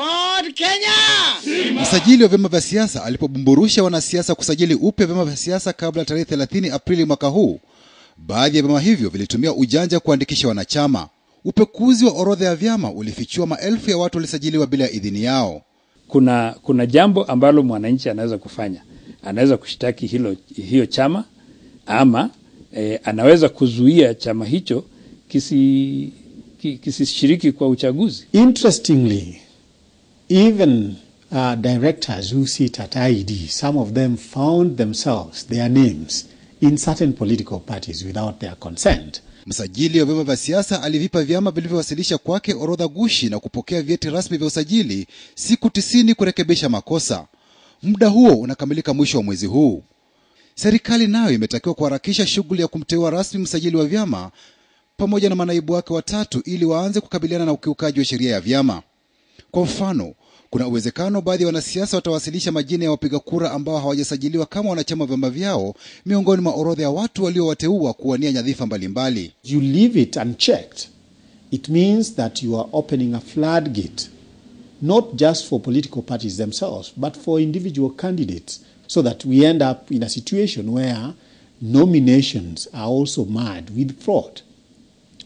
Ford Kenya. Msajili wa vyama vya siasa alipobumburusha wanasiasa kusajili upya vyama vya siasa kabla tarehe 30 Aprili mwaka huu, baadhi ya vyama hivyo vilitumia ujanja kuandikisha wanachama. Upekuzi wa orodha ya vyama ulifichua maelfu ya watu walisajiliwa bila idhini yao. Kuna, kuna jambo ambalo mwananchi anaweza kufanya, anaweza kushtaki hilo, hiyo chama ama e, anaweza kuzuia chama hicho kisishiriki kisi kwa uchaguzi. Interestingly Even uh, directors who sit at IED, some of them found themselves, their names, in certain political parties without their consent. Msajili wa vyama vya siasa alivipa vyama vilivyowasilisha kwake orodha gushi na kupokea vyeti rasmi vya usajili siku tisini kurekebisha makosa. Muda huo unakamilika mwisho wa mwezi huu. Serikali nayo imetakiwa kuharakisha shughuli ya kumteua rasmi msajili wa vyama pamoja na manaibu wake watatu ili waanze kukabiliana na ukiukaji wa sheria ya vyama. Kwa mfano, kuna uwezekano baadhi ya wanasiasa watawasilisha majina ya wapiga kura ambao hawajasajiliwa kama wanachama vyama vyao miongoni mwa orodha ya watu waliowateua kuwania nyadhifa mbalimbali. You leave it unchecked. It means that you are opening a floodgate not just for political parties themselves but for individual candidates so that we end up in a situation where nominations are also marred with fraud.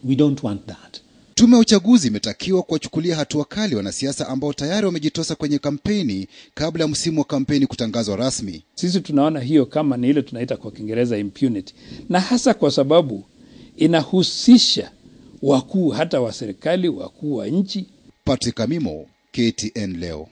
We don't want that. Tume ya uchaguzi imetakiwa kuwachukulia hatua kali wanasiasa ambao tayari wamejitosa kwenye kampeni kabla ya msimu wa kampeni kutangazwa rasmi. Sisi tunaona hiyo kama ni ile tunaita kwa Kiingereza impunity, na hasa kwa sababu inahusisha wakuu hata wa serikali, wakuu wa nchi. Patrick Amimo, KTN leo.